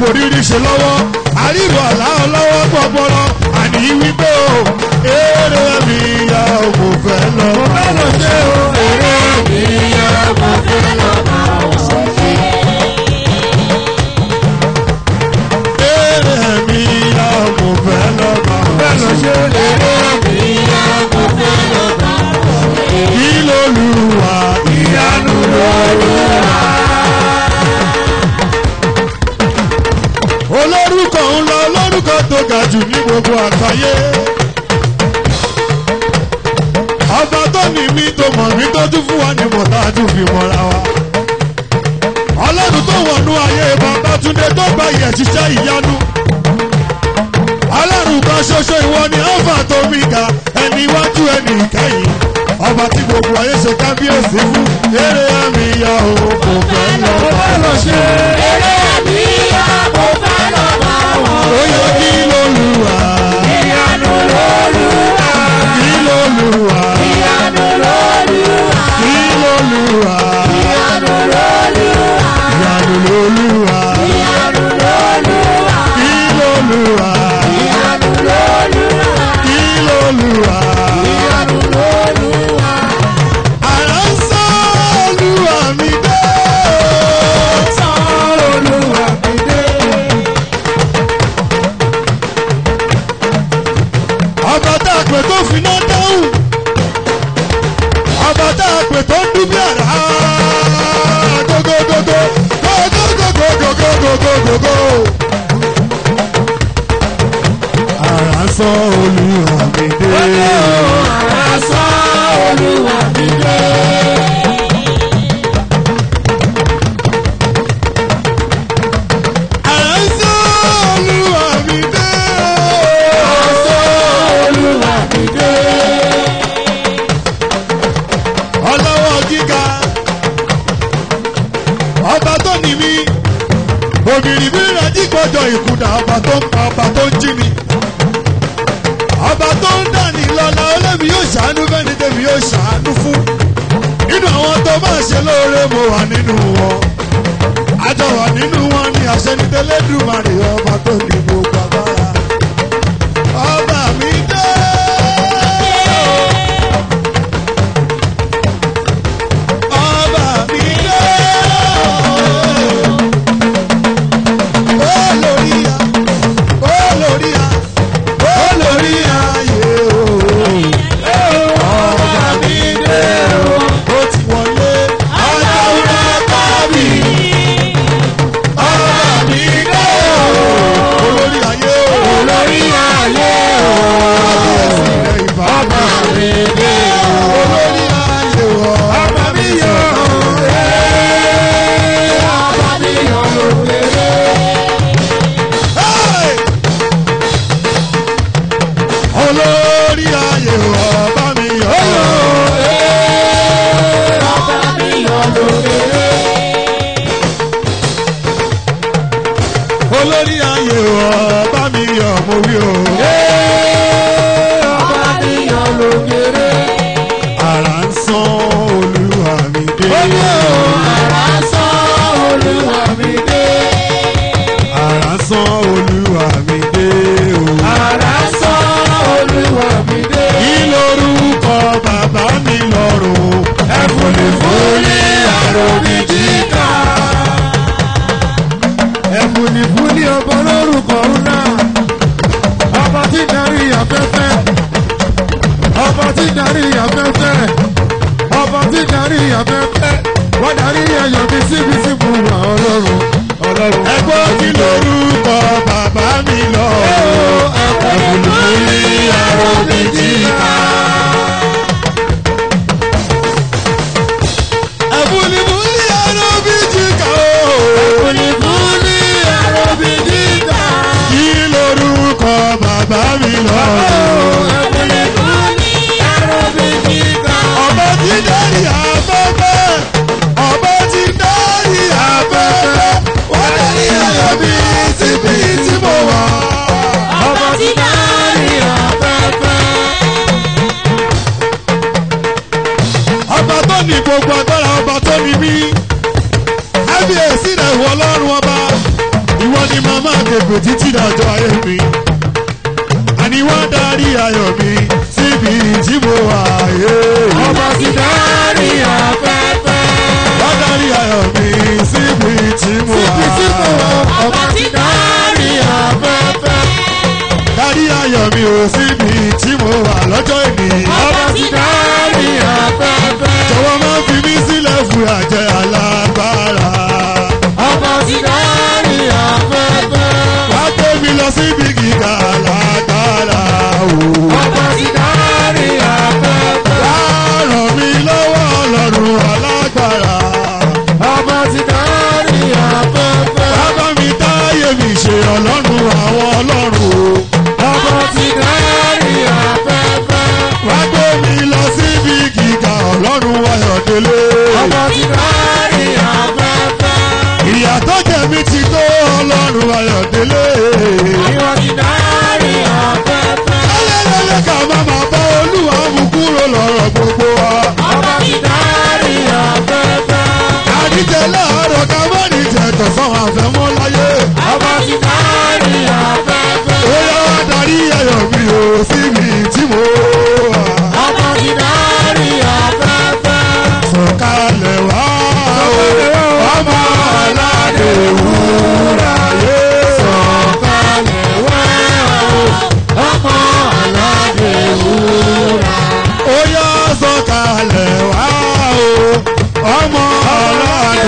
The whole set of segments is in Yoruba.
forírí ṣe lọ́wọ́. ṣoṣo ìwọ ni ọba tó mi ga ẹni iwájú ẹni ìkẹyìn ọba tí gbogbo ayé ṣe kábíyèsí fún eré àmì ìyá o fẹ́ lọ bá lọ ṣe. eré àmì ìyá kò fẹ́ lọ bá wọn. ó yẹ kí ìyanu lóluwà. kí lóluwà. ìyanu lóluwà. kí lóluwà. ìyanu lóluwà. ìyanu lóluwà. ìyanu lóluwà. kí lóluwà olúwa. Ìlàjì gbọ́jọ ìkùnà ọba tó ń pa ọba tó ń jí mi Ọba tó ń dà ní lọ́la olómi yóò ṣàánú bẹ́ni tèmi yóò ṣàánú fún. Nínú àwọn tó máa ṣe lóore mo wà nínú wọn. Àjọ wà nínú wọn ni àṣẹ ní tẹ́lẹ́dùmarè ọba tó ní gbogbo.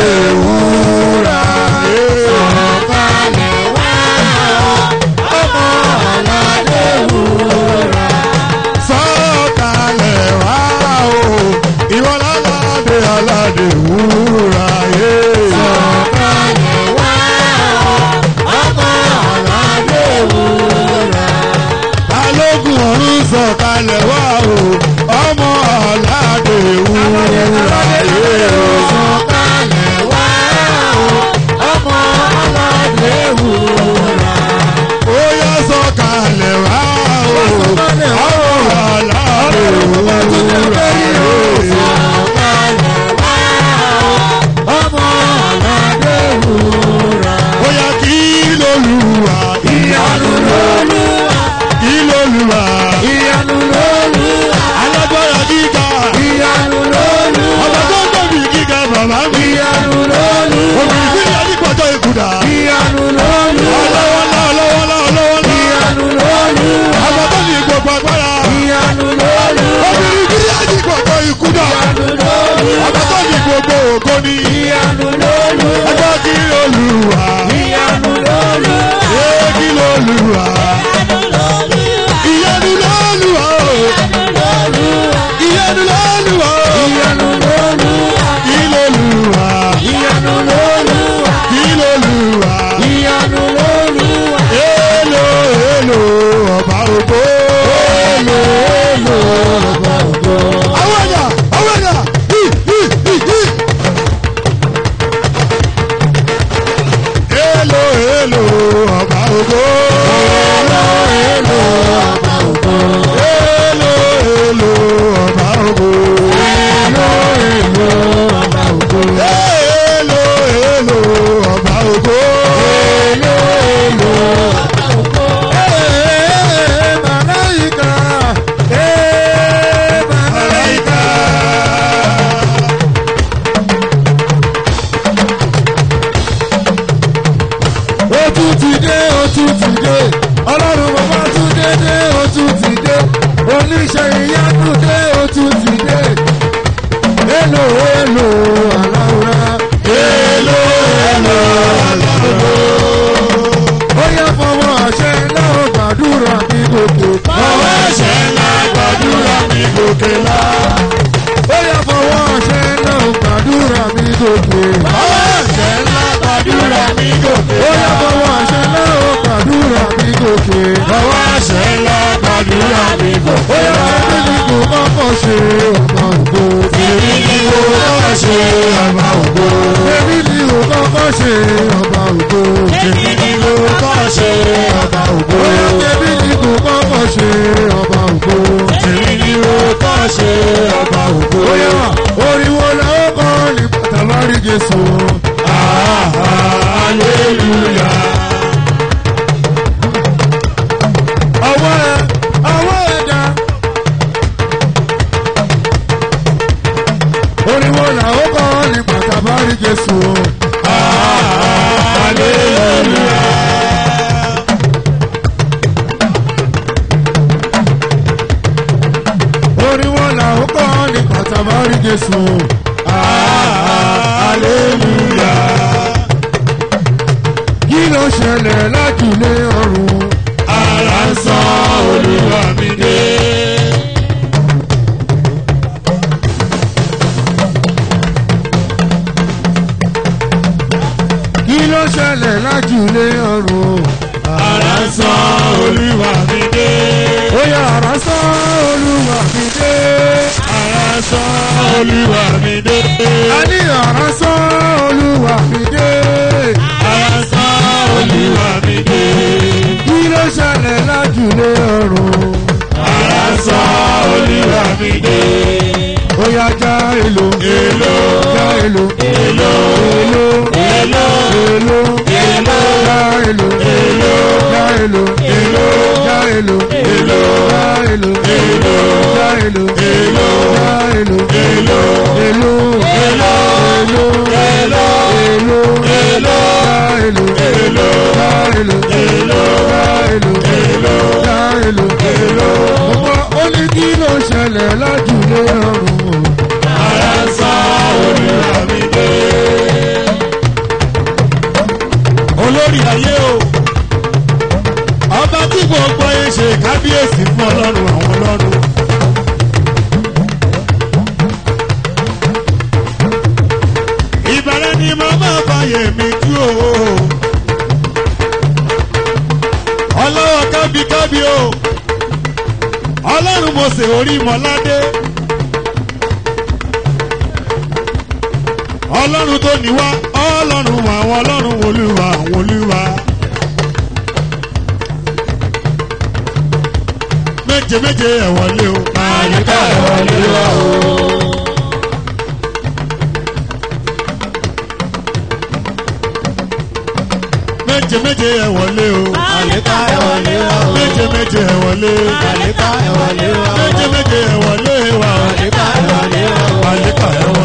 Amen. Olúwa. ṣe ọba ògo. Èmi ni mo kọ́kọ́ ṣe ọba ògo. Èmi ni mo kọ́kọ́ ṣe ọba ògo. Èmi ni mo kọ́kọ́ ṣe ọba ògo. Èmi ni mo kọ́kọ́ ṣe ọba ògo. Èmi ni mo kọ́kọ́ ṣe ọba ògo. Oyè wa oríwo la ó kọ́ ní bàtà lórí Jésù. Hallelujah. ojúlé ọ̀run. Àrà sọ olúwa mi dé. Ó yá já èlò. Èlò. Já èlò. Èlò. Èlò. Èlò. Èlò. Èlò. Já èlò. Èlò. Já èlò. Èlò. Já èlò. Èlò. Já èlò. Èlò. Já èlò. Èlò. Já èlò. Èlò. Èlò. èlò èlò èlò èlò èlò èlò. Ọmọ ó ní kí ló ṣẹlẹ̀ lájúlé ọ̀run o. Ara sá olùrà mi dé. Olórí ayé o, ọba tí gbogbo ayé ṣe kábíyèsí fún ọlọ́run àwọn ọlọ́run. Olárùmọ̀ṣẹ̀ orí mọ́ládé. ọlọ́run tó níwá ọlọ́run àwọn ọlọ́run olúwa àwọn olúwa. méje méje ẹ̀ wọlé o. àyíká ẹ̀ wọlé o. méje méje ẹ wọlé o. àlékà ẹ wọlé wa o. méje méje ẹ wọlé. àlékà ẹ wọlé wa o. méje méje ẹ wọlé wa àlékà ẹ wọlé o. àlékà ẹ wọlé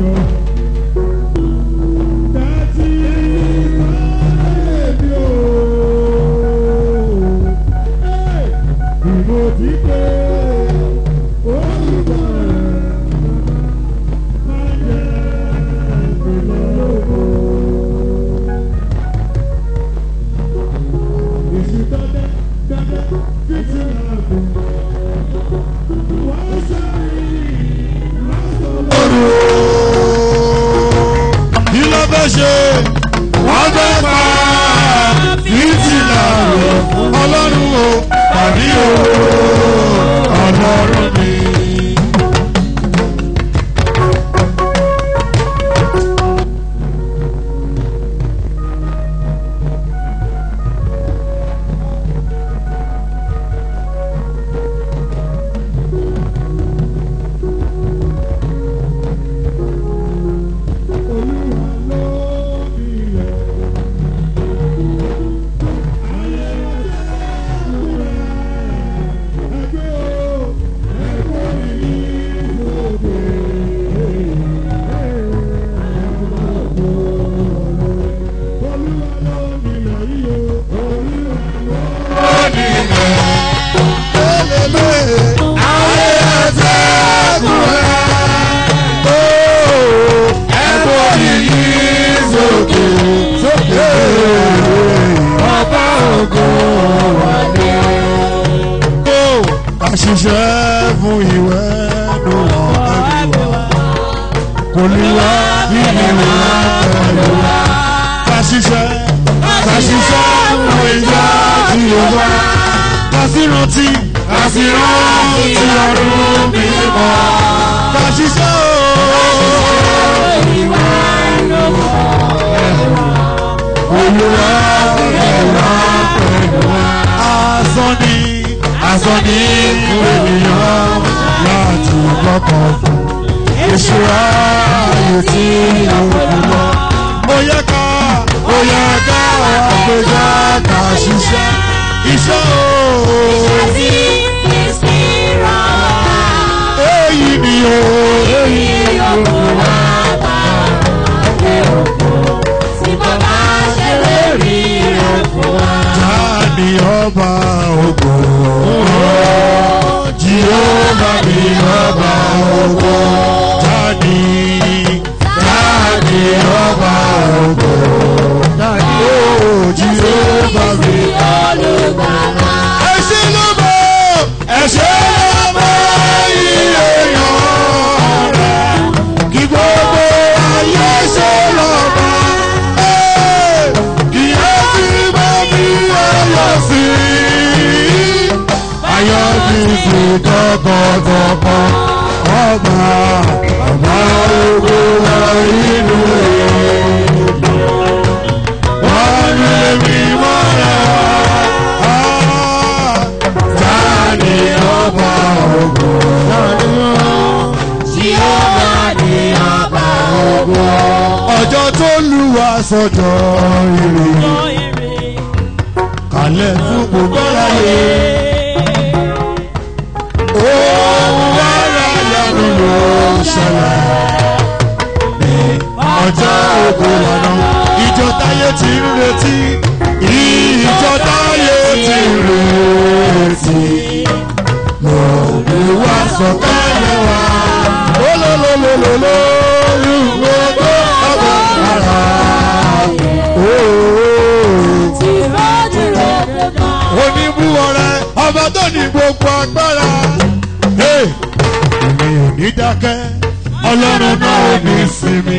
네 ránṣẹ́ fún ìwé ló wọ́n wa. Kò ní wá bí ìwé wá pẹ̀lú wa. Ká ṣiṣẹ́ ká ṣiṣẹ́ fún ìjà tí o wá. Ká sì rántí ọdún bímọ. Ká ṣiṣẹ́ o. Ká ṣiṣẹ́ ìwé ló wọ́n ẹbí wa. Olúwa ìwé wá wa. Aṣọ ni aṣọ ní ènìyàn láti lọ́kọ̀ fún ìṣúra ayé tí àwọn kò lọ. ó yẹ ká ó yẹ ká àpèjọ ká ṣiṣẹ́ iṣẹ́ o. iṣẹ́ tí Kristi rọ̀ wá. èyí ni o èyí yòókù wá bá òkè òkú tí bàbá ṣe lè rí ẹ̀kú wá ni ọba Ogo, Jèhófà ni ọba ògo. Tani tani ọba ògo. Tani ó Jèhófà ni Ogo. tọkàntọkàn ọgbà bàbá ògo wà nínú èdè wọn lè mi mọ́ra ta ni ọba ògo tí ó bá ní ọba ògo. ọjọ́ tó lù wá sọ́dọ̀ ìrìn kalẹ̀ fún gbogbo láyé. ṣẹlẹ̀ ní ọjọ́ ògo lọ́nà ìjọ táyé ti ń retí ìjọ táyé ti ń retí lòdì wá sọ̀kalẹ̀ wá lólólólóló ìwé tó bàbá ara oníbú ọrẹ ọba tó ní gbogbo agbára ní dákẹ́ ọlọ́run náà ò ní sinmi.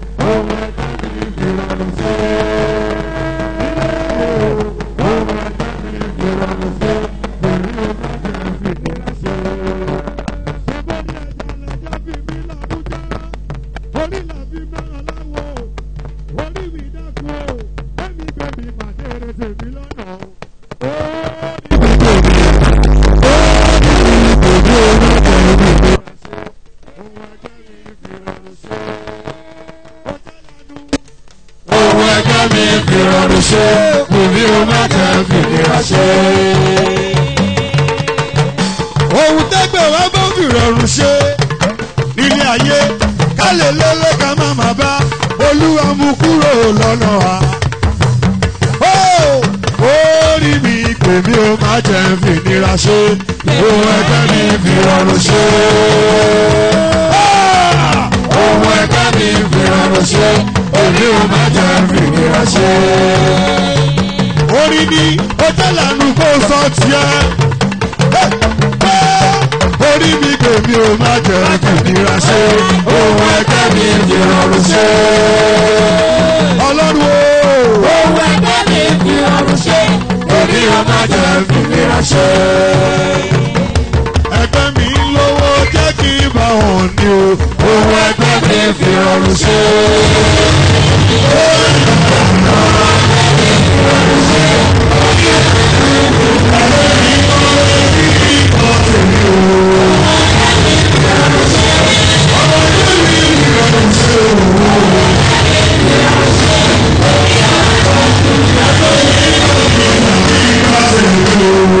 má jẹ́ kìdíra ṣe ohun ẹgbẹ́ mi fi ọrùn ṣe. ọlọ́run o. ohun ẹgbẹ́ mi fi ọrùn ṣe kìdíra má jẹ́ kìdíra ṣe. ẹgbẹ́ mi lówó jẹ́ kí n bá wọn ní o. ohun ẹgbẹ́ mi fi ọrùn ṣe. ohun ẹgbẹ́ Thank you.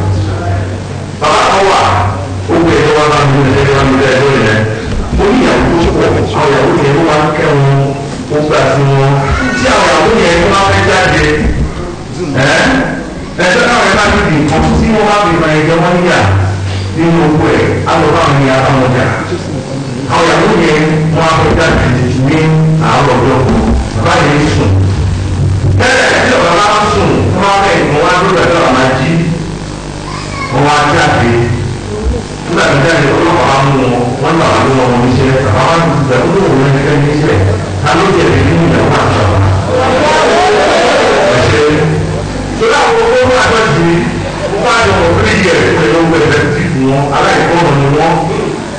bá mi lè lè wá mi lè lórí rẹ̀ mo ní ìyàwó tó pọ̀ àwọn ìyàwó yẹn ló wá ń kẹ́ wọn ó gbà sí wọn tí àwọn ìyàwó yẹn ló máa fẹ́ jáde ẹ́ ẹ̀ṣọ́ náà wọ́n bá mi bì kan tí wọ́n bá mi máa yẹ wọ́n yà nínú oko ẹ̀ alọ́bá mi yà bá wọn àwọn ìyàwó yẹn wọ́n á fẹ́ jáde ní àárọ̀ lọ́kùn báyìí sùn bẹ́ẹ̀ tí ọ̀rọ̀ bá sùn wọ́n á fẹ́ ìmọ̀ wá lórí ọ̀dọ́ nígbà tí a lè ọlọ́pàá wá mú wọn wọ́n gbà wọ́n lọ́wọ́ wọn níṣẹ́ bàbá wọn ti gbà wọ́n lọ́wọ́ wọn gẹ́gẹ́ níṣẹ́ ta ló jẹ̀bi nínú ìyàwó àtàwọn. ọ̀sẹ̀ tó láwọn owó àgbàjì wọ́n á jọ wọ́n fún ìyẹ̀ pẹ̀lú ẹgbẹ́ tí wọ́n aláìkọ́rọ̀ ni wọ́n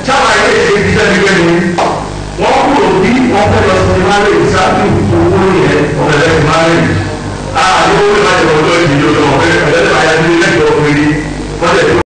sábà ilé ìṣe ti sẹ́ni gbẹ́ni wọ́n kúrò bí wọ́n fẹ́ lọ sí máa lè sáájú owó yẹn ọ̀gẹ̀dẹ̀ ti máa lè àdéhùn ìbájọ̀ ọjọ́ ìdíjọ́ ọ̀gẹ̀dẹ̀ ìbájọ̀ ọjọ́ ìdíjọ́ ọ̀gẹ̀dẹ̀